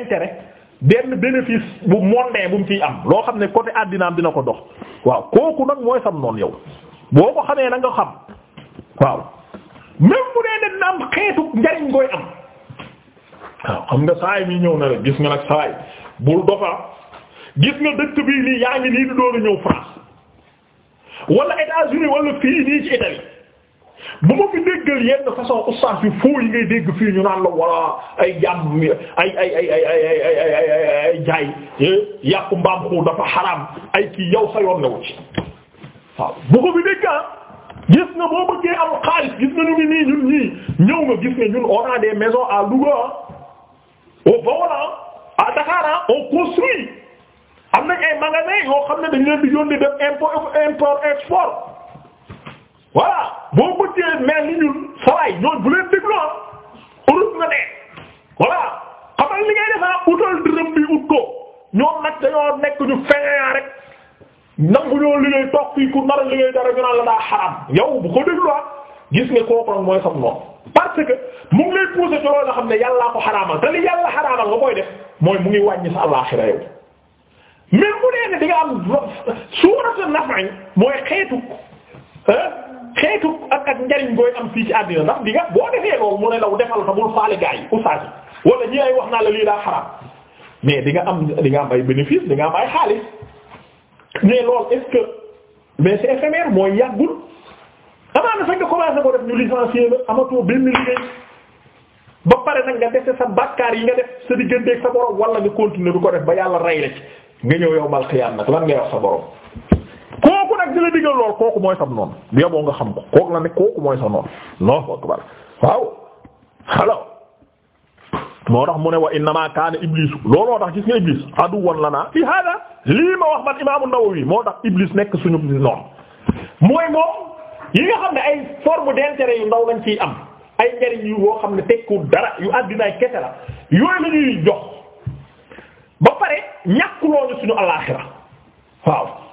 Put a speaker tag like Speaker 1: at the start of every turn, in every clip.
Speaker 1: intérêt benn bénéfice bu mondee bu mu ciy am loo xam ne côté àddinaam dina ko dox waaw kooku nag mooy sam noonu yow boo ko xamee na nga xam waaw même bu dee dina am xeetu njariñ koy am waaw xam nga saay mi ñëw na rek gis nga nag saay bul dofa gis nga dëkk bii nii yaa ngi nii di doon ñëw France wala États-Unis wala fii nii ci Italie bu ma fi déggal yenn façon ustaas yu foo ngay dégg fii ñu naan la wala ay jàmm ay ay ay ay ay ay ay ay jaay yàqu mbaam ay kii yow sa yoon newu ci waaw bu ko fi dégg ah gis nga boo bëggee am gis nga ñu ngi nii ñun ñii nga gis nga ñun on a des maisons à Louga au Bawol am nañ ay magasins yoo xam ne dañu leen di yónni def import export. waa boo bëggee mel ni ñun sawaay ñoon bu leen déglu ah. urut nga ne voilà xamal li defaa utal dërëm bi ut ko ñoom nag dañoo nekk ñu feeñaa rek nangu ñoo liggéey toog fii ku nar liggéey dara ñu naan la daa xaram yow bu ko déglu ah. gis nga kooku nag mooy sam noonu parce que mu ngi lay pousser ci xam ne yàllaa ko xaraamal te li yàlla xaraamal nga koy def mooy mu ngi wàññi sa àllaxira yow mais mu nee ne di nga am mooy xeetu xeetu ak ak njariñ gooy am fii ci àddina ndax di boo defee loolu mu ne law defal ta bul faale gaa yi oustaz yi wala ñi ay wax naa la lii daa xaraam mais di nga am di nga ay bénéfice di nga am xaalis mais loolu est-ce que mais c'est éphémère mooy yàggul amaana sax nga commencé ko def ñu licencié la amatoo benn liggéey ba pare nag nga dese sa bakkaar yi nga def sa digganteeg sa borom wala nga continuer du ko def ba yàlla rey la ci nga ñëw yow mal nag lan ngay wax sa borom nag di la digal lool kooku mooy sam noonu bu yaboo nga xam ko kooku la ne kooku mooy sa noonu Allahu akbar waaw alors moo tax mu ne wa innama kaana iblis looloo tax gis nga iblis aduwwan lana fi hada lii ma wax man imaamu Nawawi moo tax iblis nekk suñu noonu mooy moom yi nga xam ne ay forme d'intérêt yu ndaw lañ ciy am ay njariñ yu boo xam ne tekku dara yu àddinaay kese la yooyu la jox ba pare ñàkkuloo ñu suñu alaaxira waaw.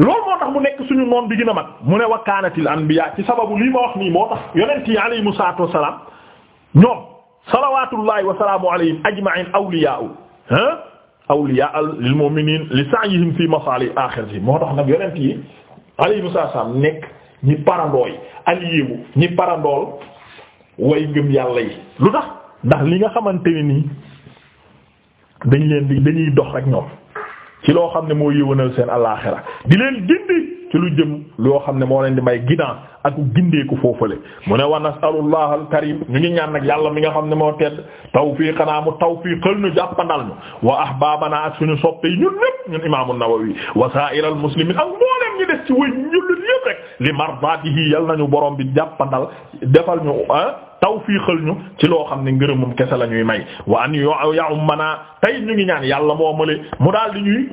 Speaker 1: loolu moo tax mu nekk suñu noon bi gën a mag mu ne wa kaanatil anbiya ci sababu lii ma wax nii moo tax yonent yi mu salaatu wa salaam ñoom salawaatullahi wa salaamu alayhim ajma'in awliyaa'u ha awliyaa lil mu'miniin li sa'yihim fi masalih axiratihim moo yi alayhimu salaatu wa salaam nekk ñi parandooy aliyewu ñi parandool way ngëm yàlla yi lu tax ndax li nga xamante ne nii dañ leen di dañuy dox rek ñoom ci loo xam ne moo yëwanal seen alaaxira di leen gindi ci lu jëm loo xam ne moo leen di may ginnaaw ak foofu foofale mu ne wa nasalullah al karim ñu ngi ñaan nag yàlla mi nga xam ne moo tedd tawfiiqanaa mu tawfiiqal ñu jàppandal ñu wa ahbaabanaa ak suñu soppe yi ñun ñépp ñun imaamu Nawawi wa sa'iral muslimiin ak mbooleem ñu des ci wëñ ñun ñépp rek li mardaatihi yal nañu borom bi jàppandal defal ñu ah, tawfiixal ñu ci loo xam ne ngërëmum kese lañuy may wa an ya'ummana tey ñu ngi ñaan yàlla moo male mu daal di ñuy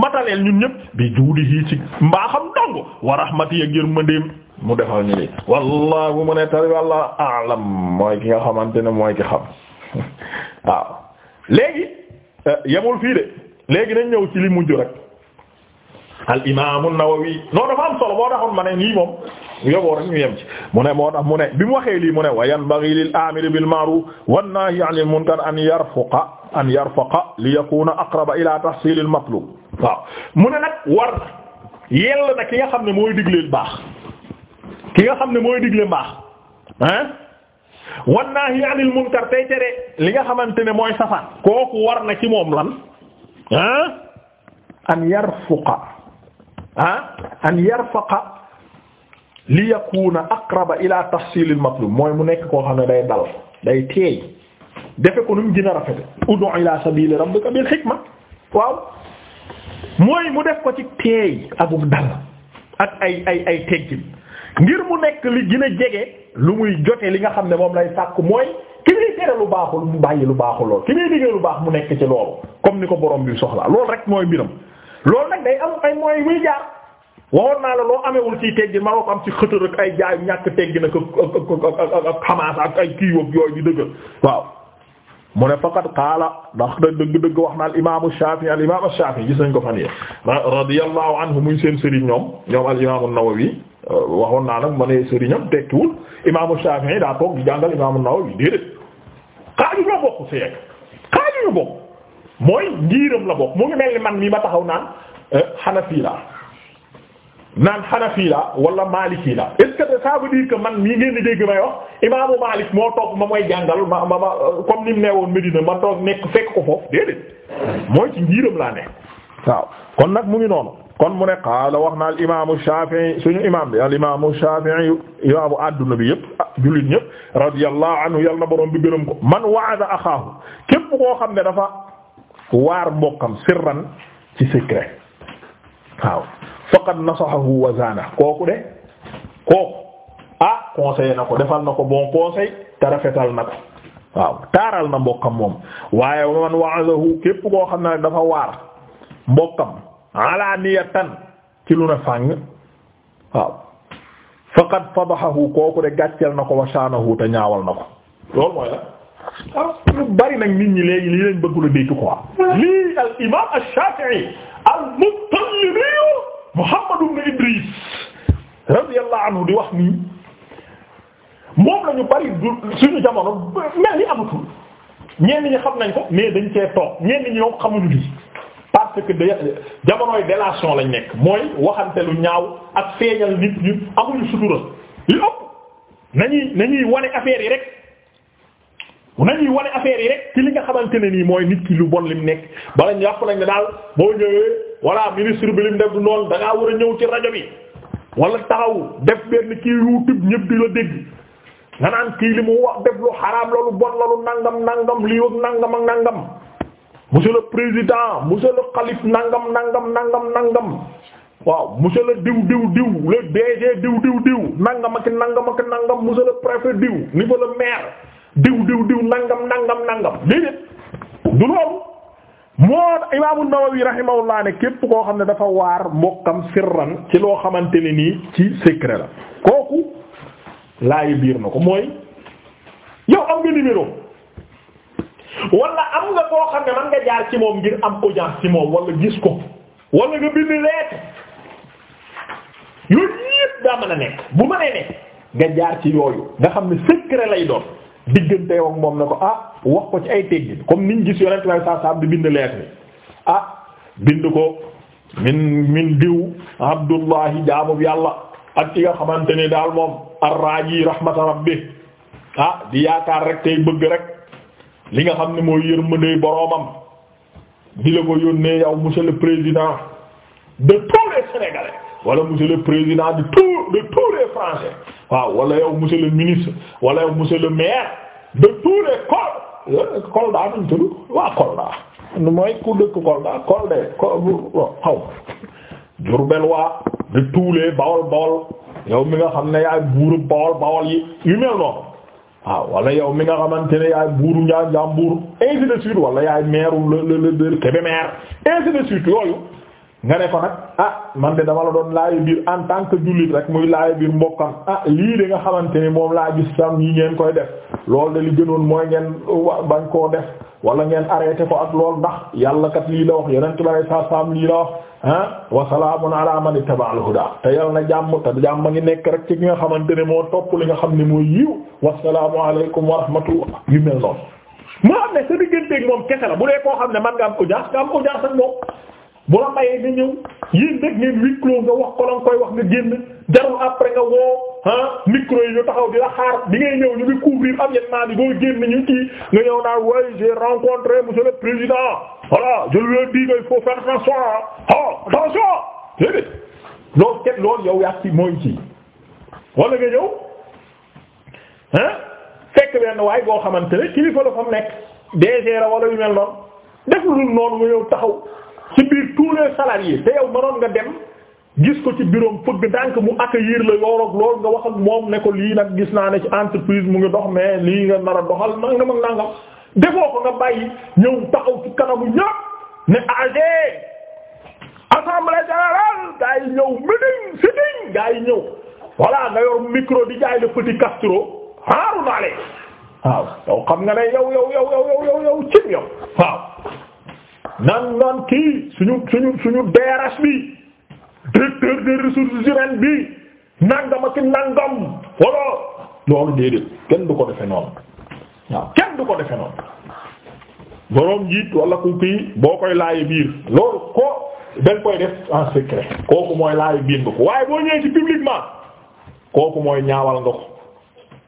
Speaker 1: mataleel ñun ñëpp bi juudihi ci mbaaxam dong wa rahmati ak yërmandeem mu defal ñu li wallahi bu mu ne tari wallah a'lam mooy ki nga xamante ne mooy ki xam waaw léegi eh, yemul fii de léegi nañ ñëw ci li mujj rek al imaamu Nawawi non dafa am solo boo taxoon ma ne nii moom yoboo rek ñu yem ci mu moo tax mu ne bi mu waxee lii mu ne wa yanbaghi lil amiri bil ma'ruf wan nahi 'anil munkar an yarfaqa an yarfaqa li yakuna aqraba ila tahsil al matlub war yell na ki nga xam ne mooy digle baax ki nga xam ne mooy digle baax ah wan tey tere li nga xamante ne mooy safaan kooku war na ci moom lan ah an yarfaqa li yakuna aqraba ila tahsilil matlub mooy mu nekk koo xam ne day dal day teey defe ko nu mu gën a rafete ud'u ila sabili rabbika bil hikma waaw mooy mu def ko ci teey akuk dal ak ay ay ay teggin ngir mu nekk li gën a jege lu muy jote li nga xam ne moom lay sàkk mooy ki muy tere lu baaxul mu bàyyi lu baaxul lool ki muy diggee lu baax mu nekk ci loolu comme ni ko borom bi soxla loolu rek mooy biram loolu nag day am ay mooy muy jaar waxoon naa la loo amewul ciy teggin ma ko am ci xëtër ak ay jaay ñàkk teggin ak ak xamaas ak ay kiiwag yooyu di dëgg waaw mu ne faqad qaala ndax dëgg-dëgg wax na al imaamu Shaafi al imaamu Shaafi gis nañ ko fan yéen. radiyallahu anhu muy seen sëriñ ñoom ñoom al Nawawi waxoon naa nag ma ne sëriñam tekkiwul imaamu Shaafi daa toog di jàngal imaamu Nawawi déedéet xaaju ñoo bokk si yegg xaaju ñu bokk mooy ngiiram la bokk mu ngi mel ni naan xanafi la wala maliki la est-ce que ça man mii ngeen di dégg may wax imaamu Malik moo toog ma mooy jàngal ma ma ma comme ni mu nee woon Medina ma toog nekk fekk ko foofu déedéet mooy ci njiiram laa ne waaw kon nag mu ngi noonu kon mu ne qaala wax naa al imaamu Shafi'i suñu imaam bi al imaamu Shafi'i imaamu adduna bi yëpp ah jullit ñëpp radiyallahu anhu yal na borom bi gërëm ko man wa'ada axaahu képp koo xam ne dafa waar mbokkam sirran faqad nasahahu wa zaana kooku de kooku ah conseil na ko defal na ko bon conseil te rafetal na ko waaw taaral na mbokkam moom waaye man wa'adahu képp koo xam ne dafa waar mbokkam alaaniyatan ci lu na fàng waaw faqad fadahahu kooku de gàcceel na ko wa shaanahu te ñaawal na ko loolu mooy la bari nag nit ñi léegi lii lañ bëgg lu dégg quoi lii al imaam ash-Shafi'i al-Muttalibi Muhammad ibn Idris radiyallahu anhu di wax nii moom la ñu bari suñu jamono mel ni amatul ñenn ñi xam nañ ko mais dañ cee toog ñenn ñi ñoo xamuñu lii parce que da jamonooy délation lañ nekk mooy waxante lu ñaaw ak feeñal nit ñu amuñu sutura li ëpp nañuy nañuy wane affaire yi rek nañuy wane affaire yi rek ci li nga xamante ne nii mooy nit ki lu bon lim nekk bala ñu yàpp nañ ne daal boo ñëwee voilà ministre bi lim def du noonu da war a ñëw ci rajo bi wala taxaw def benn kii YouTube ñëpp di la dégg nga naan kii li mu wax def lu xaraam loolu bon loolu nangam nangam lii ak nangam ak nangam monsieur le président monsieur le nangam waaw monsieur le diw diw diw le DG diw diw diw nangam ak nangam ak nangam monsieur le préfet diw niveau le maire diw diw diw nangam nangam nangam déedéet du loolu. moo imaamu Nawawi rahimahullah ne képp koo xam ne dafa waar mbokkam sirran ci loo xamante ne nii ci secret la kooku laay biir na ko mooy yow am nga numéro wala am nga koo xam ne man nga jaar ci moom ngir am audience ci moom wala gis ko wala nga bind lettre yooyu yépp daa mën a nekk bu mënee nekk nga jaar ci yooyu nga xam ne secret lay doon. diggante ak moom na ko ah wax ko ci ay teggin comme niñ gis yonent way saa saam di bind leer ni ah bind ko min min diw abdullahi bi yàlla ak ci nga xamante ni daal moom arraaji rahmata rabbi ah di yaakaar rek tey bëgg rek li nga xam ne mooy yërmande boroomam di la ko yónnee yow monsieur le président de tous les sénégalais wala monsieur le président de tous de waaw wala yow monsieur le ministre wala yow monsieur le maire de tous les Kolda eh, Kolda nuñ tudd waa Kolda mooy ku dëkk Kolda Kolda xaw Jurbel waa de tous les Bawol Bawol yow mi nga xam ne yaay buuru Bawol Bawol yi yu mel noonu waaw wala yow mi nga xamante ne yaay buuru Njaambur ainsi de suite wala yaay maire le le le Kébémer ainsi de suite yooyu. nga ne ko nag ah man de dama la doon laayu biir en tant que jullit rek muy laayu biir mbokkam ah lii de nga xamante ni moom laa gis sam yi ngeen koy def loolu de li gënoon mooy ngeen bañ koo def wala ngeen arrêté ko ak lool ndax yàlla kat lii la wax yonent bare sa sam lii la wax ah wa salaamun ala man ittaba al-huda te yàlla na jàmm te jàmm ngi nekk rek ci ki nga xamante ne moo topp li nga xam ne mooy yiw wasalaamu aleykum wa rahmatullah yu mel noonu moo xam bu dee koo ne man nga am audience nga am bu la mayee nga ñëw yéen dégg ngeen huis clos nga wax ko la koy wax nga génn jarul après nga woo ah micro yi ñu di la xaar bi ngay ñëw ñu ngi couvrir ñu kii nga ñëw naan président voilà je lui ai dit qu'il faut ah, yow yaa ci mooy ci wala nga ñëw ah fekk benn waay boo xamante ne kilifa la fa mu nekk DG la wala yu mel noonu def lu noonu nga ñëw taxaw. ci biir tous les salariés te yow mënoon nga dem gis ko ci bureau fëgg ndànk mu accueillir la yooroog loolu nga wax moom ne ko lii nag gis naa ne ci entreprise mu ngi dox mais lii nga nar a doxal nangam ak nanga defoo ko nga bàyyi ñëw taxaw ci kanamu ñëpp ne AG assemblée générale gaa yi ñëw meeting sitting gaa ñëw voilà nga yor micro di jaay le petit Castro xaaru naa leen waaw yow xam nga ne yow yow yow yow yow yow cim yow waaw nan naan kii suñu suñu suñu DRH bi directeur des ressources humaines bi nangam ak nangam wala loolu déedéet kenn du ko defe noonu waaw kenn du ko defe noonu boroom jiit wala ku kii boo koy laaye biir loolu ko dañ koy def en secret kooku mooy laaye biir nga ko waaye boo ñëwee ci publiquement kooku mooy ñaawal nga ko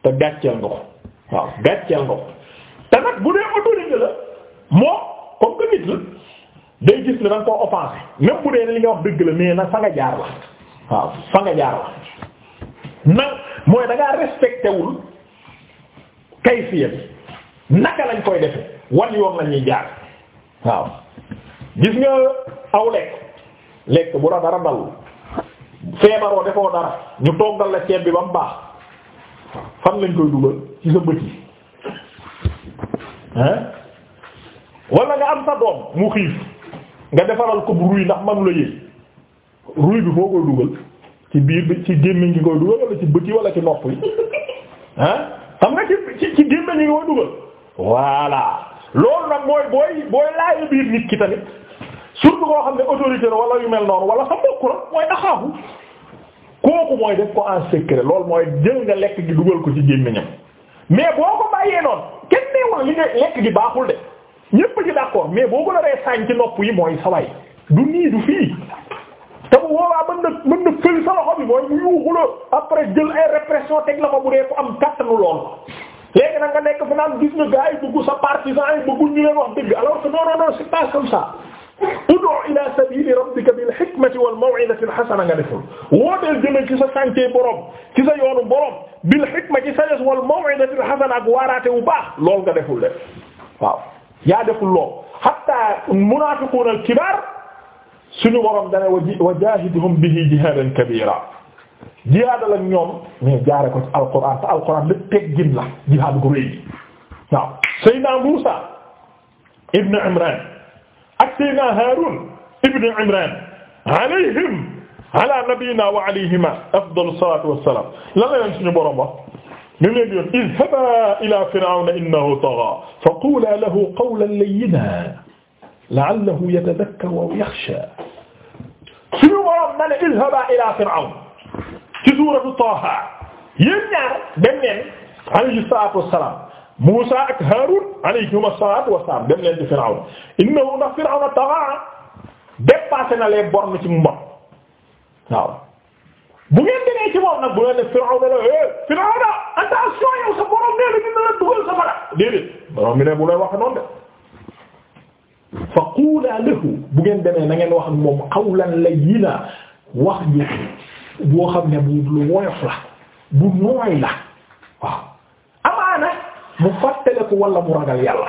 Speaker 1: te gàcceel nga ko waaw gàcceel nga ko te nag bu dee autorité la moo day gis ne da nga koo offensé même bu dee li nga wax dëgg la mais nag fa nga jaar la waaw fa nga jaar la nag mooy da ngaa respecté wul naka lañ koy defe wan yoon la ñuy jaar waaw gis nga aw lekk lekk bu la dara dal feebaroo defoo dara ñu toggal la ceeb bi ba mu baax fan lañ koy dugal ci sa bët yi hein wala nga am sa doom mu xiif nga defaral ko ruy ndax manu la yëy ruy bi foo dugal ci biir bi ci gémmiñ gi koy dugal wala ci bët wala ci nopp yi ah xam nga ci ci gémmiñ gi koy dugal voilà loolu nag mooy booy booy laaj biir nit ki tamit surtout koo xam ne autorité la wala yu mel noonu wala sa mbokk la mooy naxaafu kooku mooy def ko en secret loolu mooy jël nga lekk gi dugal ko ci gémmiñam mais boo ko bàyyee noonu kenn neewul li nga lekk gi baaxul de. ñépp ci d'accord mais boo ko naree saañ ci nopp yi mooy saway du nii du fii te bu boobaa mën na mën na fël sa loxo bi mooy mu yuuxu la après jël ay répression teg la ko bu dee ko am kattanu lool léegi nag nga nekk fa naan gis nga gars yi bëggu sa partisan yi bëggu ñu leen wax a alors que non non non c'est pas comme ça ud'u ila sabili rabbika bil hikmati wal maw'izati al hasana nga deful wooteel jëme ci sa santé borom ci sa yoonu borom bil hikma ci sa wal maw'izati al hasana ak waaraate bu baax lool nga deful de waaw yaa deful loo hatta munaafiquun al kibaar suñu borom dana wa jaahidhum bihi jihaadan kabiira jihaadal ak ñoom mais jaare ko ci alquran te alquran lépp teggin la jihaad gu rëy waaw Seydina Muusa ibn Imran ak Seydina Haarun ibn Imran alayhim ala nabiyyina wa alayhima afdalu salaatu wassalaam lan la yoon suñu borom wax ñu ngi leen di wax idhaba ila firawna innahu tagha faqula lahu qawlan layyinan la'allahu yatadhakkaru aw yakhsha suñu waroon na ne idhaba ila firawna ci suuratu Taaha yéen ñaar dem leen alayhi salaatu wassalaam Muusa ak Haaruun alayhim salaatu wassalaam dem leen ci firawna innahu na firawna tagha dépassé na les bornes ci mu waaw bu ngeen demee ci moom nag bu leen ne Firawna la eh Firawna attention yow sa borom nee na dina dugal sa mara déedéet borom mi ne bu lay wax noonu de faqula lahu bu ngeen demee na wax moom qawlan layyina wax ji boo xam ne bu lu woyof la bu nooy la waaw amaana mu fàttaliku wala mu ragal yàlla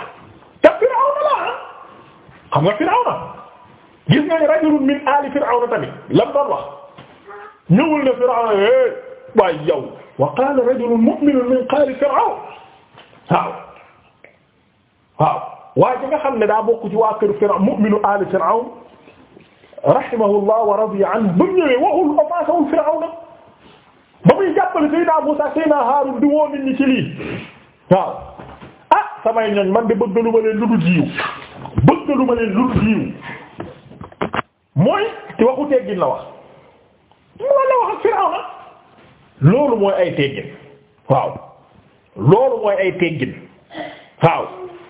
Speaker 1: te Firawna la xam nga Firawna gis nga ne rajulun min ali Firawna tamit lam doon wax. ñëwul ne Firawna eh waaye yow wa qaala rajulun mu'minun min qaali Firawna waaw waaw waaye bi nga xam ne daa bokk ci waa kër Firawna mu'minu aali Firawna rahimahullah wa radiya anhu ba mu ñëwee waxul offensewul Firawna ba muy jàppale Seydina Muusaa Seydina Haarun di woo nit ñi ci lii waaw ah samay ñoñ man de bëgg lu ma leen lu dul yiw bëgg lu ma leen lu dul yiw mooy ci waxu teggin la wax. loolu la wax ak Firawna loolu mooy ay teggin waaw loolu mooy ay teggin waaw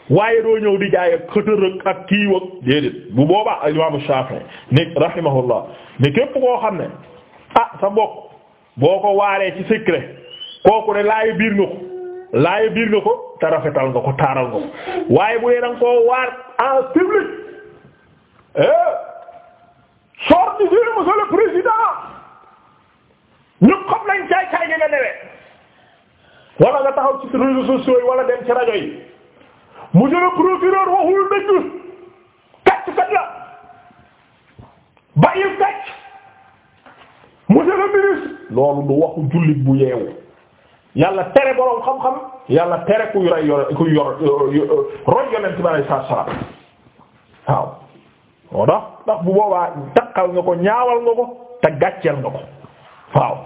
Speaker 1: waaye doo ñëw di jaay ak xëtërëg ak kiiwag déedéet bu booba al imaamu Shaafi'i ne rahimahullah ne képp koo xam ne ah sa mbokk boo ko waaree ci secret kooku ne laay biir nga ko laay biir nga ko te rafetal nga ko taaral nga ko waaye bu dee koo waar en public eh sorti monsieur le président ñu xam lañ caay caay gi newee wala nga taxaw ci réseaux sociaux yi wala dem ci rajo yi monsieur le procureur waxul dëgg kàcc kat la bàyyil kàcc monsieur le ministre loolu du waxu jullit bu yeewu yàlla tere boroom xam-xam yàlla tere ku ray yor kuy yor roy yonent bi alei saatu waaw woo ndax bu boobaa takkal nga ko ñaawal nga ko te gàcceel nga ko waaw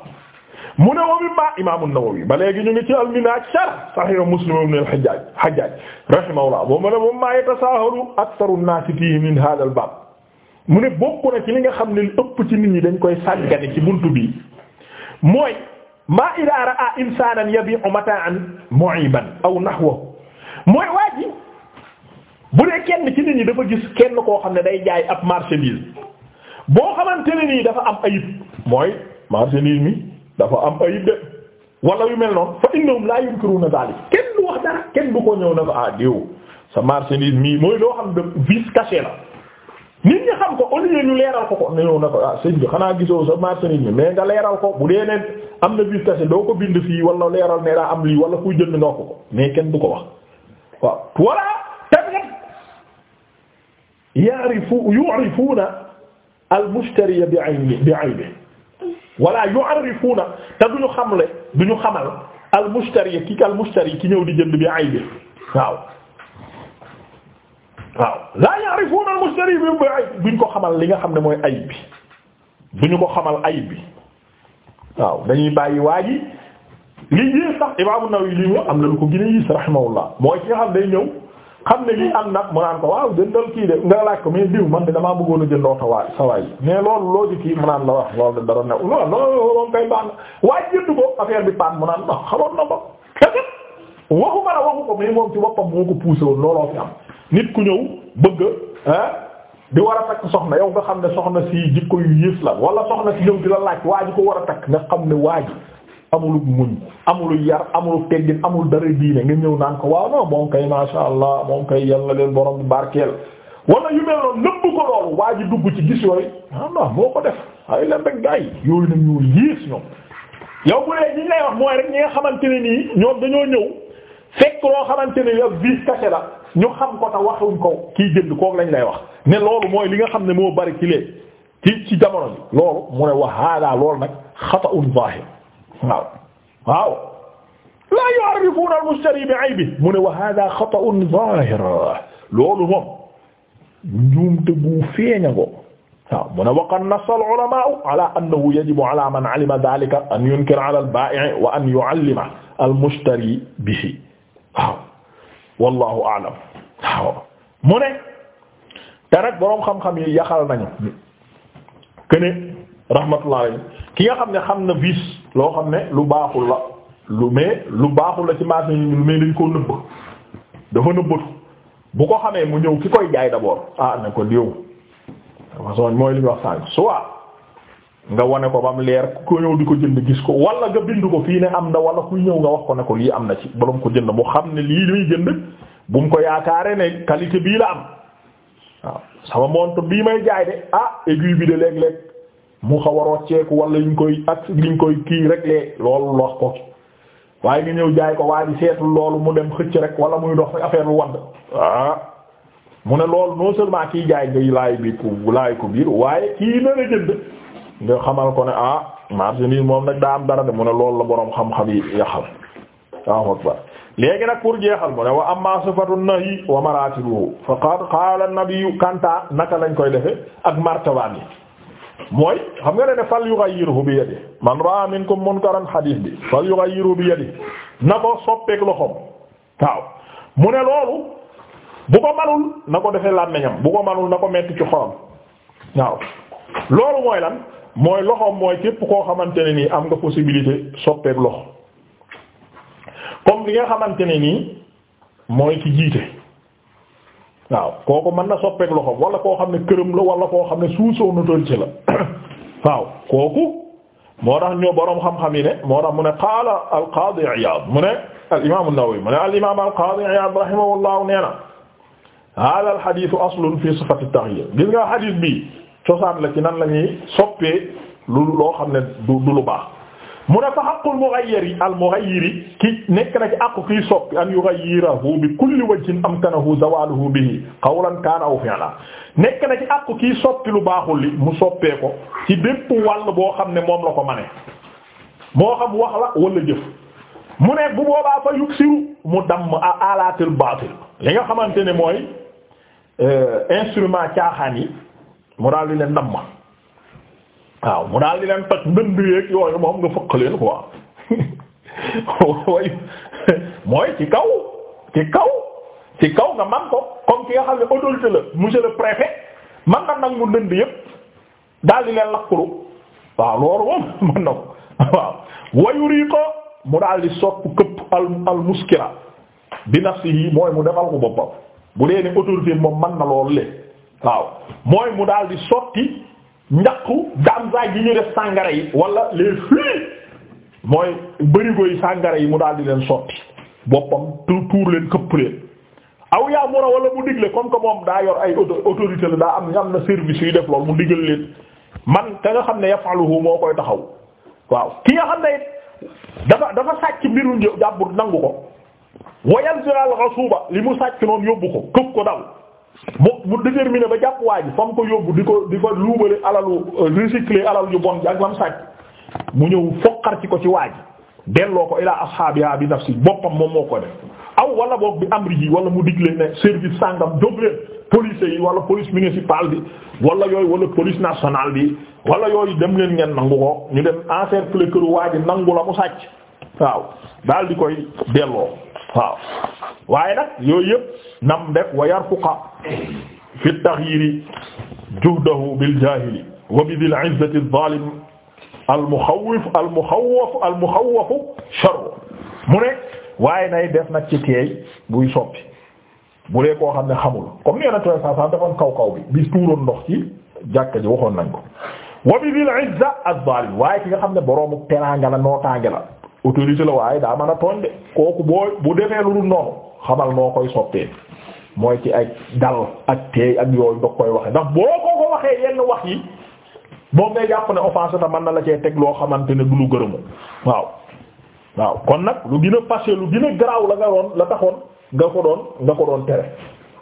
Speaker 1: mu ne wa mimma imaam nawawi ba léegi ñu ngi ci al-Minhaj sharh Sahih Muslim ibn al-Hajjaj Hajjaj rahimahullah boo mu ne mimma yatasaahalu aktharu an min haadha al mu ne bokk na ci li nga xam ne li ëpp ci nit ñi dañ koy sàggane ci buntu bi mooy maa idaa ra'a insaanan yabi'u mataa'an mu'iban aw nahwahu mooy waa bu dee kenn ci nit ñi dafa gis kenn koo xam ne day jaay ab marchandise boo xamante nii dafa am ayib mooy marchandise mi dafa am ayib de wala yu mel noonu fa innahum la yunkiruna daal kenn du wax dara kenn du ko ñëw na ko ah diw sa marchandise mii mooy loo xam ne vice caché la nit ñi xam ko au lieu leeral ko ko ne ah, sëñ bi xanaa gisoo sa marchandise mais nga leeral ko bu dee ne am na vice caché doo ko bind fii wala leeral ne daa am lii wala kuy jënd nga ko ko mais kenn du ko wax waaw voilà tamit ya'rifu yu'rifuna al-mushtari bi 'ayni bi 'ayni wala yu'arrifuuna te duñu xamle duñu xamal al mushtari ki al mushtari ki ñëw di jënd bi aybi waaw waaw la ya'rifuuna al mushtari bi aybi duñ ko xamal li nga xam ne mooy ayib bi duñu ko xamal ayib bi waaw dañuy bàyyi waa ji li yées sax Imaam An-Nawawi li am na lu ko gën a yiis rahimahullah mooy ki nga xam day ñëw. xam ne lii am nag mu naan ko waaw jëndal kii de nga laaj ko mais diw man de damaa bëggoon a jëndoo sa waay sa waay mais loolu loo ji kii mu naan la wax loolu de dara ne lool loolu kay baax waaye jënd ko affaire bi paan mu naan wax xamoon na ko waxu ma ko mais moom ci ko poussé woon looloo fi am nit ku ñëw bëgg ah di war a takk soxna yow nga xam ne soxna si jikko yu yées la wala soxna si ñëw di la laaj waa ji ko war a takk nga xam ne waa ji amulu muñ amulu yar amulu teggin amul dara diine nga ñëw naan ko waaw non moom kay masha allah moom kay yal leen borom barkeel wala yu mel noonu nëbb ko loolu waa ji dugg ci gis yooyu ah non ko def ay leen rek gars yi yooyu nag ñoo yow bu dee ñi lay wax mooy rek ñi nga xamante ne nii ñoom dañoo ñëw fekk loo xamante ne yow vice caché la ñu xam ko te waxuñ ko kii jënd kook lañ lay wax ne loolu mooy li nga xam ne moo bari ci lee ci ci jamono ji loolu mu ne wa hada loolu nag xata'un zahir waaw waaw laa yu'arrifuuna al-mushtari bi aybihi mu ne wa haaza xata'un zaahir loolu moom njuumte bu feeña ko waaw mu ne wa qad nassa al-ulamaa'u ala annahu yajibu ala man 'alima dhaalika an yunkira 'ala al-baa'i' wa an yu'allima al-mushtari bihi waaw wallaahu a'lam waaw mu ne te nag boroom xam-xam yi yaxal nañu kene rahmatullahi ki nga xam ne xam na bis loo xam ne lu baaxul la lu mais lu baaxul la ci marché yi lu mais dañ koo nëbb dafa nëbbatu bu ko xamee mu ñëw ki koy jaay d'abord ah ne ko diw façon mooy li ñu wax nga wane ko ba mu leer ku ko di ko jënd gis ko wala nga bind ko fii ne am na wala kuy ñëw nga wax ko ne ko lii am na ci boroom ko jënd mu xam ne lii muy jënd bu mu ko yaakaare ne qualité bii la am waaw sama montre bii may jaay de ah aiguille bi de léeg-léeg mu xaw a rocceeku wala ñu koy ak liñ koy kii rek lee loolu wax ko waaye nga ñëw jaay ko waa ji seetul loolu mu dem xëcc rek wala muy dox affaire bu wadd ah mu ne lool non seulement kii jaay ngay laay bi ku laay ko biir waaye kii na la xamal ko ne ah marchandise moom nag daa am dara de mu ne lool la boroom xam-xam yi yaxal waaw léegi nag pour jeexal mu ne wa amma sifatu nahyi wa maratibuhu faqad qala an-nabiyyu kanta naka lañ koy defe ak martaban yi mooy xam nga ne ne fal yughayyirhu bi yadihi man ra'a minkum munkaran hadith bi fal yughayyirhu bi yadihi na ko soppeek loxoom waaw mu ne loolu bu ko manul na ko defee làmmiñam bu ko manul na ko metti ci xolam waaw loolu mooy lan mooy loxoom mooy képp koo xamante ne nii am nga possibilité soppeek loxo comme li nga xamante ne nii mooy ki jiite waaw kooku mën na soppeek loxoom wala koo xam ne këram la wala koo xam ne suusoo notal ci la waaw kooku moo tax ñoo boroom xam-xam yi ne moo tax mu ne qaala al-Qaadi Iyaad mu ne al-Imaam an-Nawawi mu ne al-Imaam al-Qaadi Iyaad rahimahullahu nee na haaza al-hadiis aslun fii sifati at-taghyiir gis nga hadiis bi cosaan la ci nan la ñuy soppee lu loo xam ne du du lu baax mu ne fa haqqul mughayyiri al mughayyiri ki nekk na ci àqu kiy soppi an yughayyirahu bi kulli wajhin amkanahu zawaluhu bihi qawlan kaana aw fi'lan nekk na ci àqu kiy soppi lu baaxul li mu soppee ko ci bépp wàll boo xam ne moom la ko mane moo xam wax la wala jëf mu ne bu boobaa fa yuksiru mu damm alaatil baatil li nga xamante ne mooy euh, instrument caaxaan yi mu daal di leen damm waaw mu daal di leen toj ndënd yeeg yooyu moom nga fëq leen quoi waaye mooy ci kaw ci kaw ci kaw nga man ko comme ki nga xam ne autorité la monsieur le préfet man nga nag mu ndënd yëpp daal di leen lakkuru waaw loolu moom man na ko waaw wayuri ko mu daal di sopp këpp al al muskira bi nafsihi mooy mu defal ko boppam bu dee ne autorité moom man na loolu le waaw mooy mu daal di sotti njaqu gamzaay gi ñu def sàngara yi wala les fruits mooy bërigo yi sàngara yi mu daal di leen sotti boppam tu tuur leen këpp leen aw yaa mura wala mu digle comme que moom daa yor ay autorité la daa am am na service yu def lool mu digal leen man ka nga xam ne yafaluhu moo koy taxaw waaw ki nga xam ne dafa dafa sàcc mbiru jàpp nangu ko wayal ziral rasuba li mu sàcc noonu yóbbu ko këpp ko daw mu mu déterminé ba jàpp waa ji fa mu ko yóbbu di ko di ko luubale alalu euh, recycler alal yu bon ji ak lam sàcc mu ñëw foqar ci ko ci waa delloo ko ilaa ashaabiha bi si boppam moom moo ko def aw wala boog bi amri ji wala mu digle ne service sàngam jóg leen police yi wala police municipale bi wala yooyu wala police nationale bi wala yooyu dem leen ngeen nangu ko ñu dem encercler këru waa ji nangu la ko sàcc waaw daal di koy delloo waaw waaye nag yooyu yëpp nam def wa yarfuqa fi at-taghyir juhdahu bil jaahili wa bi dhil 'izzati adh-dhalim al-mukhawwif al-mukhawwaf al-mukhawwaf sharru mu ne waaye nay def nag ci teey buy soppi bu dee koo xam ne xamul comme ni yonent bi sallallahu alayhi wasallam defoon kaw kaw bi bi tuuroon ndox ci jàkka ji waxoon nañ ko wa bi dhil 'izza adh-dhalim waaye ki nga xam ne boroomu teraanga la nootaange la autorité la waaye daa mën a tooñ de kooku boo bu defee lu dul noonu xamal noo koy sottee mooy ci ay dal ak teey ak yooyu da koy waxee ndax boo ko ko waxee yenn wax yi moom ngay jàpp ne offense ta mën na la cee teg loo xamante ne du lu gërëmu waaw waaw kon nag lu gën a lu gën a garaaw la nga doon la taxoon nga ko doon nga ko doon tere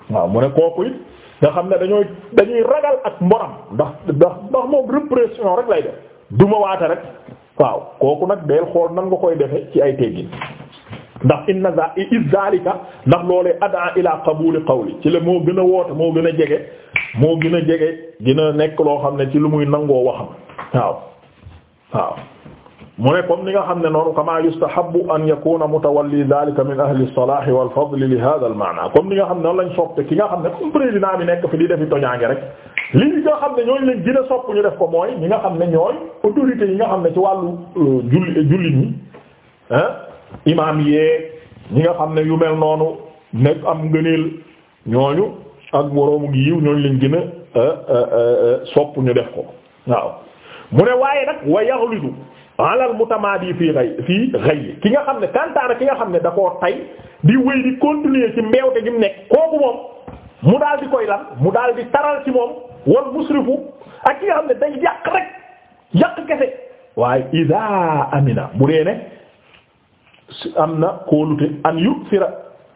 Speaker 1: waaw mu ne kooku it nga xam ne dañooy dañuy ragal ak mboram ndax ndax moom répression rek lay def duma waate waaw kooku nag deel xool nan nga koy defe ci ay teggin ndax inna za iz zalika ndax loolee ad'a ila qabuli qawli ci la moo gën a woote moo gën a jege moo gën a jege dina nekk loo xam ne ci lu muy nangoo waxam waaw waaw mu ne comme ni nga xam ne noonu kama yustahabbu an li nga xam ne noonu lañ sopp ki nga xam ne comme président bi nekk fi di defi xam ne ñooñu lañ gën yi nga euh, euh, nga xam ne yu mel noonu nekk am ngëneel ñooñu ak boroomu yiw ñooñu lañ gën a euh, sopp ñu def ko waaw waaye nag wa yaxlutu alal mutamadi fii xay fii xay ki nga xam ne kantaana ki nga xam ne da koo tay di wéy di continuer ci mbeewte gi mu nekk kooku moom mu daal di koy lan mu daal di taral ci moom wal musrifu ak ki nga xam ne day yàq rek yàq kese waaye idaa amina bu dee ne am na kóolute an yuksira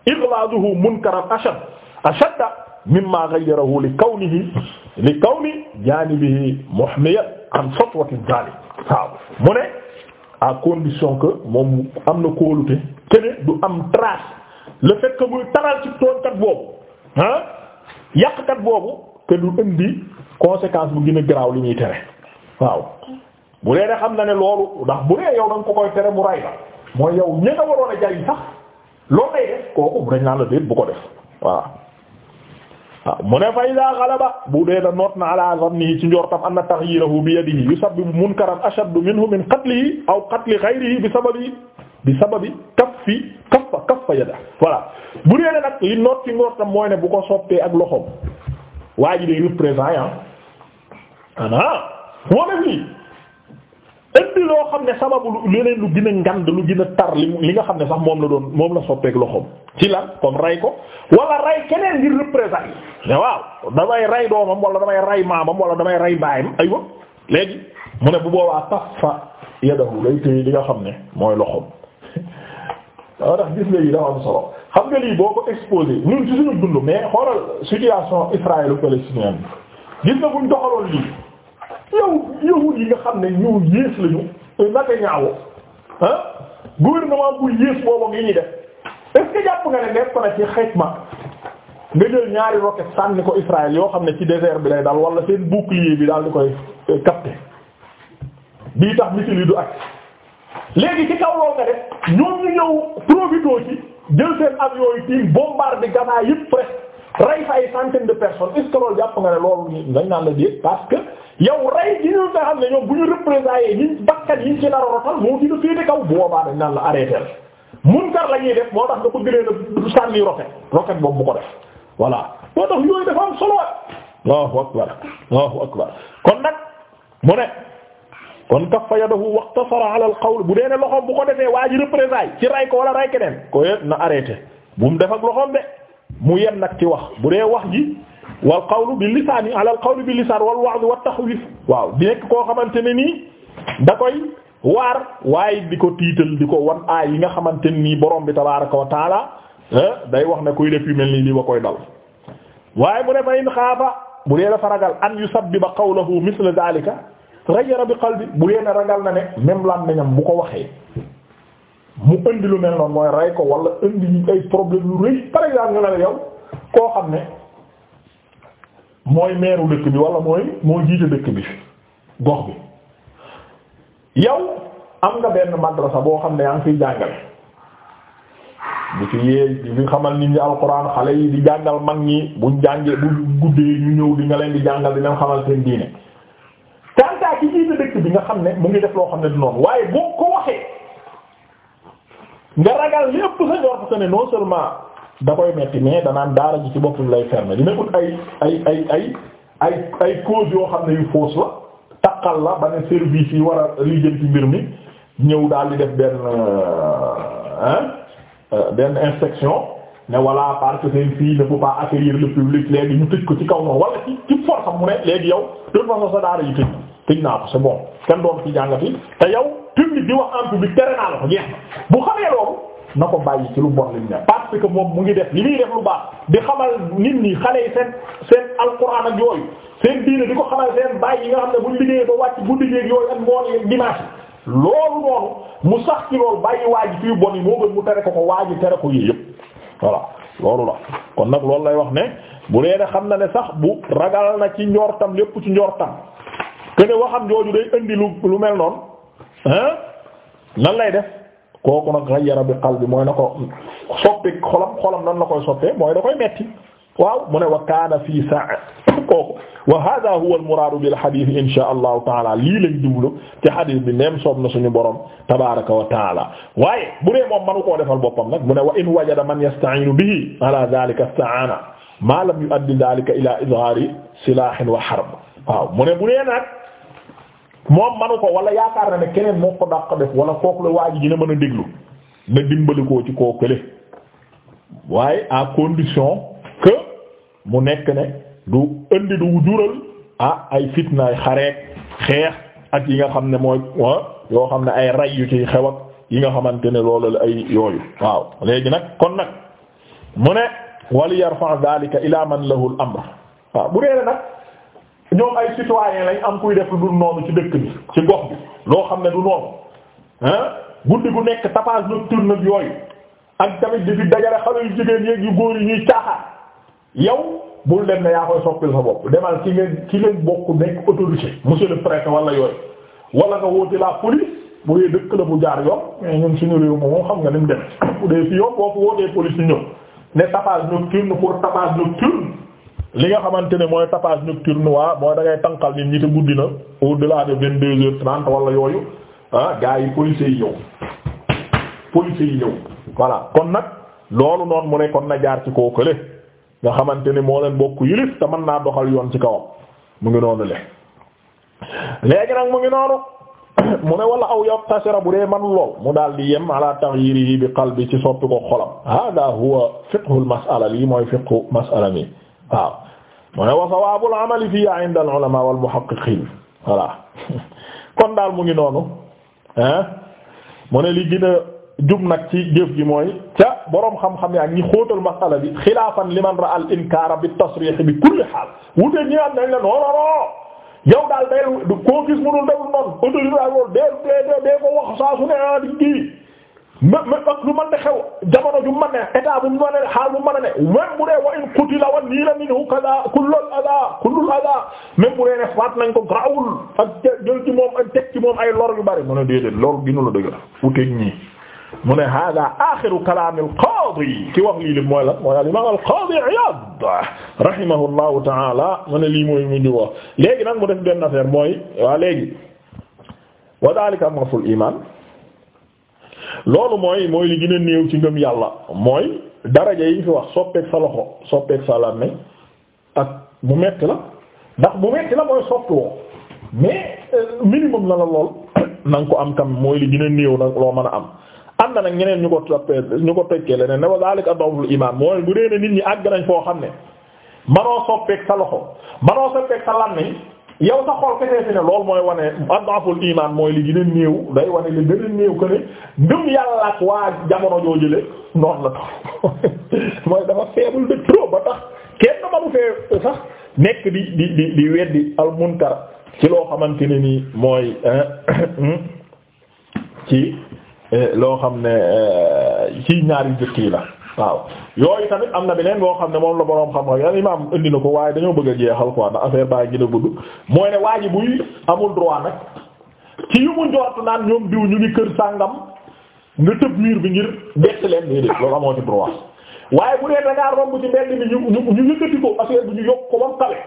Speaker 1: ighladuhu munkaran ashad ashadda mimma ghayyarahu li kawnihi li kawni janibihi muhmiyan an satwati zalim waaw mu ne à condition que moom am na kóolute kene du am trace le fait que muy taral ci tooñkat boobu ah yàqkat boobu te du indi conséquence bu gën garaaw li ñuy tere waaw bu dee ne xam na ne loolu ndax bu dee yow da nga ko koy tere mu ray la mooy yow ña nga waroon a jariñ sax loolu lay def kooku dañ naan la déet bu ko def waaw waaw mu ne fa iza ghalaba bu dee da noot na ala zannihi ci njortam anna taghyirahu bi yadihi yusabbibu munkaran ashaddu minhu min qatlihi aw qatli ghayrihi bi sababi bi sababi kaffi kaffa kaffa yada voilà bu dee da nag li noot ci njortam mooy ne bu ko sottee ak loxoom waa ji day représenté ah ana moo def lii indi loo xam ne sababu leneen lu gën a ngand lu gën a tar li li nga xam ne sax moom la doon moom la soppeek loxoom ci lan comme ray ko wala ray keneen ngir représailles ne waaw damay ray doomam wala damay ray maamam wala damay ray baayam ay aywa léegi mu ne bu boobaa taffa yadahu lay téye li nga xam ne mooy loxoom waaw ndax gis nga yi dafa am solo xam nga lii boo ko exposé ñun ci suñu dund mais xoolal situation israélo palestinienne gis nga buñ yow yow yi nga xam ne ñu yées lañu naka ñaawo ah gouvernement bu yées boobu ngi ñuy def est ce jàpp nga ne nekk na ci xitma nga jël ñaari roquette sànni ko Israël yoo xam ne ci désert bi lay dal wala seen bouclier bi daal di koy eh, capter bii tax missile yi du ak léegi ci kaw lool nga def ñoom ñu ñëw profité ci jël seen avion yi tiim bombardé Gaza yëpp presque. rey fa ay centaine de personnes est-ce que jàpp nga ne loolu dañ naan la déet parce que yow rey gi ñu nga xam ne ñoom bu ñu représenté ñi bakkan yi ci nar a rotal moo gën a féete kaw boobaa dañ naan la arrêté la munkar la ñuy def moo tax nga bëgg leen a sànni roquet roquet boobu bu ko def voilà moo tax yooyu dafa am solo Allahu akbar Allahu akbar kon nag mu ne kon kaffa yadahu waqtasara ala al-qawl bu dee ne loxoom bu ko defee waa ji représenté ci ray ko keneen ko na arrêté bu def ak loxoom mu yem nag ci wax bu dee wax gi wal qawlu bi lisaani ala al qawlu bi lisaan wal wa'd wa taxwif waaw di nekk koo xamante ne nii da koy waar waaye di ko tiital di ko wan aay yi nga xamante ne nii borom bi tabaaraka wa taala eh, day wax na kuy def yu mel nii lii wa koy dal waaye mu ne fa in xaafa bu dee dafa ragal an yusabbiba qawluhu misla daalika rajara bi qalbi bu dee na ragal na ne même lan nañam bu ko waxee mu indi lu mel noonu mooy rey ko wala indi ñu ay problème yu rëy par exemple nga ne la yow koo xam ne mooy meeru dëkk bi wala mooy moo jiite dëkk bi gox bi yow am nga benn madrasa boo xam ne yaa ngi fiy jàngale bu fi yee bi xamal nit ñi alxuraan xale yi di jàngal mag ñi buñ jàngee bu guddee ñu ñëw di leen di jàngal di leen xamal seen diine. tant ki jiite dëkk bi nga xam ne mu ngi def loo xam ne du noonu waaye boo ko waxee. nga ragal lépp sa njort ko ne non seulement da koy metti mais danaan daara ji ci boppam lay fermer dina ut ay ay ay ay ay cause yoo xam ne yu fausse la taqal la ba ne service yi war a lijjanti mbir mi ñëw daal di def benn euh, euh, benn inspection ne voilà parce que seen fii ne peut pas accueillir le public léegi ñu tëj ko ci kaw noonu wala ci ci force am mu ne léegi yow de sa daara ji tëj tëj naa ko c'est bon kenn doon ci jàngati te yow public di wax en public tere naa la ko jeex na bu xamee loolu na ko bàyyi ci lu bon li mu ne parce que moom mu ngi def li def lu baax di xamal nit ñi xale yi seen seen alquran ak yooyu seen di ko xamal seen bàyyi yi nga xam ne bu liggéeyee ba wàcc bu liggéey yooyu ak ngoon dimanche loolu noonu mu sax ci loolu bàyyi waaji fii bon yi moo gën mu tere ko ko waaji tere ko yii yëpp voilà loolu la kon nag loolu lay wax ne bu dee xam na ne sax bu ragal na ci njortam lépp ci njortam que ne waxam jooju day indi lu lu mel noonu ah nan lay def kooku nag ghayyara bi qalbi mooy na ko soppi xolam xolam nan la koy soppee mooy da koy metti waaw mu ne wa kaana fii saa kooku wa hada huwa al muraadu bil hadith insha allahu taala lii lañ jublu ci hadith bi neem soob na suñu borom tabaraka wa taala waaye bu dee moom manu koo defal boppam nag mu ne wa in wajada man yasta'inu bihi ala dhalika ista'ana ma lam yu'addi dhalika ila izhari silahin wa harb waaw mu ne bu dee nag moom manu ko wala yaakaar na ne keneen moo ko dàq def wala kooku la waa ji dina mën a déglu na dimbalikoo ci koo kële waaye à condition que mu nekk ne du indi du jural a ay fitnaay xareek xeex ak yi nga xam ne mooy ah, yoo xam ne ay ray yu ci xew ak yi nga xamante ne loolu la ay yooyu waaw léegi nag kon nag mu ne wali yarfa dhalika ila man lahu al waaw bu dee nag ñoom ay citoyen lañ am kuy def lu dul noonu ci dëkk bi ci gox bi loo xam ne du noonu ah guddi bu nekk tapage nocturne ak yooyu ak tamit di fi dajale xale yu jigéen yéeg yu góor yi ñuy caaxaan yow bul dem ne yaa koy soppil sa bopp ci ci leen bokk nekk autorité monsieur le préfet wala yooyu wala nga wóoti la police bu dëkk la bu jaar yoon mais ñun suñu réew moom xam nga ni mu demee bu dee fi yoon boo ko pour tapage nocturne li nga xamante ne mooy tapage nocturne waa mooy da ngay nii nit ñi te guddi na au delà de vingt deux heures trente wala yooyu ah gars yi police yi ñëw police yi ñëw voilà kon nag loolu noon mu ne kon na jaar ci koo kële nga xamante ne moo leen bokk yilif te mën naa doxal yoon ci kawam mu ngi noonu le léegi nag mu ngi noonu mu ne wala aw yow tasira bu dee man lool mu daal di yem ala taghyirihi bi qalbi ci soppi ko xolam hada huwa mooy fiqhu mas'ala mi waaw mu ne wa sawaabul al ulama wal muhaqqiqin voilà kon daal mu ngi noonu ah mu ne li gën a jub nag ci jëf gi mooy ca boroom xam-xam yi ak ñi xóotal masala bi xilaafan liman ra'a al inkaara bi tasrih bi kulli xaal wute ñi am nañ la non non yow daal day koo gis mu dul déglu noonu autorisation dee dee dee ko wax saa su ne ah di kii ma ma ak lu mën ne xew jamono ju mën ne état bu mu mën ne xaal bu mën a ne même bu dee wa in qutila wa niila minhu kada kullul ada kullul ada même bu dee ne faat nañ ko grawul ak jël ci moom ak teg ci moom ay lor yu bari mu ne déedéet lor ginu la dëgg la futeeg ñii mu ne hada axiru kalaam al qaadi ki wax lii li mooy la mooy al imaam al qaadi Iyaad rahimahullahu taala mu ne lii mooy mu ñu wax léegi nag mu def benn affaire mooy waa léegi wa daalika maful imaan loolu mooy mooy li gën a néew ci ngëm yàlla mooy daraja yi fi wax soppeek sa loxo soppeek sa làmme ak mu metti la ndax mu metti la mooy soppi euh, am tam mooy li gën a néew nag mën a am am na nag ñeneen ñu ko toppee ñu ko tekkee leneen ne wa zalika dawul iman mooy bu dee ne nit ñi àgg nañ foo xam ne manoo soppeek sa loxo manoo soppeek sa làmme yow sa xol kese fi ne loolu mooy wane adaful iman mooy li gën a néew day wane li gën a néew que ne yàlla ak waa jamono joo jële noonu la tax mooy dafa faible de trop ba tax kenn manu fee sax nekk di di di di weddi al ci loo xamante ne nii mooy ci eh, loo xam ne eh, ci ñaari jëkk yi la waaw yooyu tamit am na beneen boo xam ne moom la boroom xam-xam yan imaam indi na ko waaye dañoo bëgg a jeex quoi ndax affaire baa gën a gudd mooy ne waa ji buy amul droit nag ci yu mu njort naan ñoom diw ñu ngi kër sàngam nga tëb miir bi ngir bett leen nii de loolu amoo ci droit waaye bu dee dangaa romb ci mbedd mi ñu ñu ñu yëkkati ko affaire bi ñu yokk ko ba mu tale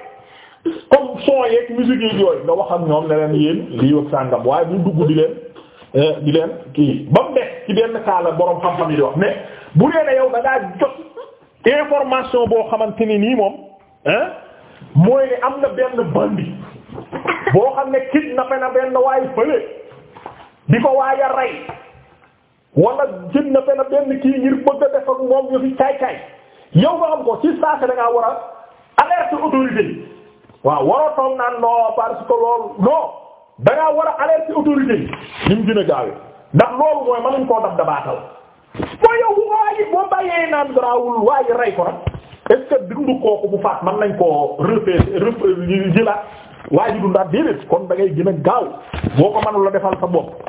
Speaker 1: comme son yeeg musique yeeg yooyu nga wax ak ñoom ne leen yéen lii wax sàngam waaye bu dugg di leen eh, di leen kii ba mu def ci benn kaala bu dee ne yow da ngaa jot information boo xamante ni nii moom ah mooy am na benn bandi boo xam ne kidnappé na benn waay fële di ko waaya rey wala kidnappé na benn kii ngir bëgg a def ak moom ñu fi caay caay yow nga xam ko ci saa si war a alerte autorité yi waaw waroo toog naan non parce que loolu non da war a alerte autorité yi ni mu gën a gaawee ndax loolu mooy mënuñ koo dab dabaatal. mooy yow bu ko waajib boo bàyyee naan garaawul waaye rey ko nag est-ce que dundu kooku bu faat mën nañ koo repéter repéter jëlaat waaye ji dundaat déedéet kon da ngay gën gaaw boo ko mënul defal sa bopp.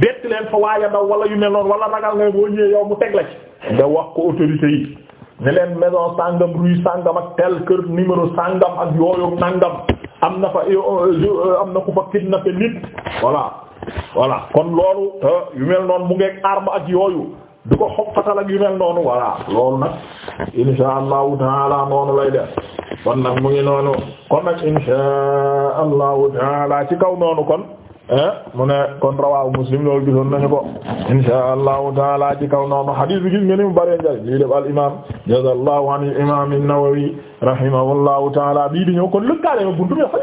Speaker 1: bett leen fa waaja daw wala yu mel noonu wala ragal nga boo ñëwee yow mu teg la ci. nga wax ko autorité yi ne leen maison sangam rue sangam ak tel kër numéro sangam ak yooyu nangam am na fa am na ku fa kidnappé nit voilà. voilà kon loolu yu mel noonu mu ngeeg arme ak yooyu du ko xokkatal ak noonu voilà loolu nag insha allahu taala noonu lay def kon nag mu ngi noonu kon nag insha allahu taala ci kaw noonu kon mu ne kon rawahu muslim loolu gisoon nañu ko insha allahu taala ci kaw noonu hadith bi gis nga ni mu bëree njëriñ lii def al imam jazallahu an al imam an-Nawawi rahimahullahu taala bii di ñëw kon lëkkaale ma buntu bi dafa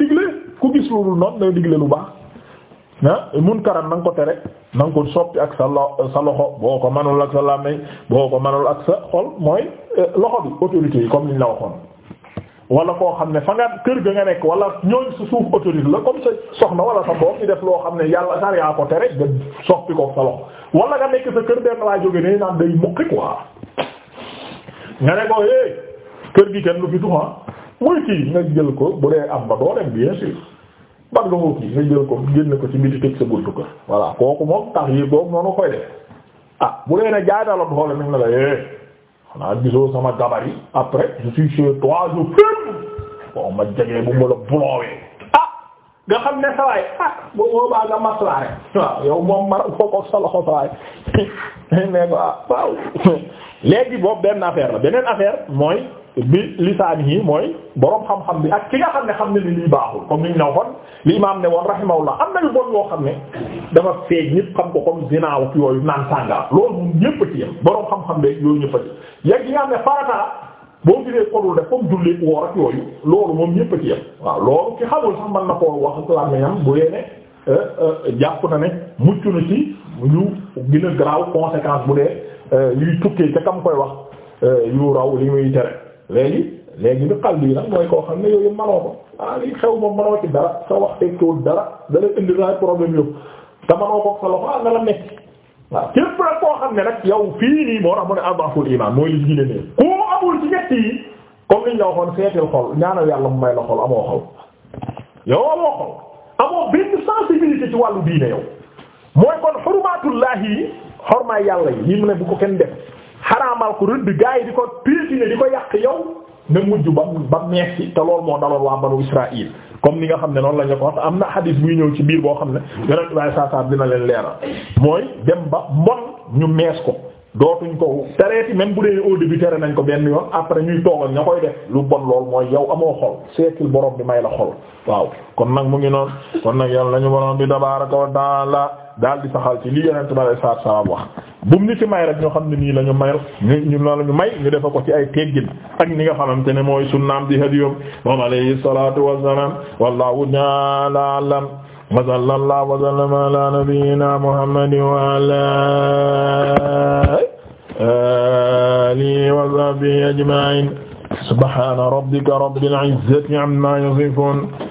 Speaker 1: digle ku gis loolu noonu day digle lu baax ah mun na nga ko tere na ko soppi ak sa lo sa loxo boo ko manul ak sa làmmiñ boo ko manul ak sa xol mooy eh, loxo bi autorité yi comme ni ñu la waxoon wala koo xam ne fa nga kër ga nga nekk wala ñooñ sa suuf comme sa soxna def loo xam ne yàlla sar yaa ko tere nga soppi ko sa wala nga nekk sa kër benn laa jóge ne naan day muqi quoi nga ne ko kër gi kenn lu fi duhan ah. mooy kii nga jël ko bu dee am ba doo dem bien sûr man nga koo kii nga ko génn ko ci biti teg sa buntu kër voilà kooku moom tax yi boobu noonu koy def ah bu dee ne jaay daloon xoole nañ la la eh xanaa gisoo sama gabar yi après je suis chez toi je ferme ma jege bu ma la bulowee ah nga xam ne sawaay ah boo boobaa nga maslaa rek yow moom mar foo ko sa loxo sawaay mais boobu benn affaire la beneen affaire mooy. bi lisaan yii mooy boroom xam-xam bi ak ki nga xam ne xam ne ni lii baaxul comme ni ñu la waxoon li imaam ne woon rahimahullah am nañu bon yoo xam ne dafa feeñ ñëpp xam ko comme zinaaw ak yooyu naan sàngara loolu moom ñëpp ci yem borom xam-xam beeg ak yooyu ñëpp ci yem waaw loolu ki xamul sax mën na koo wax ak làmmiñam bu dee ne euh, euh, jàpp na ne mucc na ci ñu gën a grave bu dee euh, yuy tukkee ca kam koy wax yu raw li muy tere. léegi léegi bi xal bii nag mooy koo xam ne yooyu manoo ko ah lii xew moom manoo ci dara sa wax tegtowul dara dala indi ay problème yëpp te sa loxo ah nga la nekk waaw képp xam ne nag yow fii nii moo tax ne adaful iman mooy li gine ne ku amul ci ñett yi comme liñ la waxoon seetil xol ñaanal yàlla mu may la xol amoo xol yow amoo xol amoo benn sensibilité ci wàllu diine yow mooy kon xurmaatullahi yi xormaay yàlla yi yi mu ne bu kenn def xaraamal ko rëdd gaa yi di ko piétiner di ko yàq yow nga mujj ba ba mees ci te loolu moo daloon waa banu Israël comme ni nga xam ne noonu la ñu ko wax am na xadiis buy ñëw boo xam ne yeneen i waaye mooy dem ba mbon ñu mees ko. dootuñ ko tereeti même bu dee au début nañ ko benn yoon après ñuy toogal ña koy def lu bon lool mooy yow amoo xol seetil borom bi may la xol waaw daal di saxal ci lii yonent bi alayhi salaatu salaam wax bu mu ni ci may rek ñoo xam ne nii la ñu mayal ñu ñu la ñu may ñu defa ko ci ay teggin ak ni nga xamante ne mooy sunnaam di hadiyum moom alayhi salaatu wassalaam wallahu ta'ala a'lam wa sallallahu wa sallama ala nabiyyina muhammadin wa ala alihi wa sahbihi ajma'in subhana rabbika rabbil izzati amma yasifun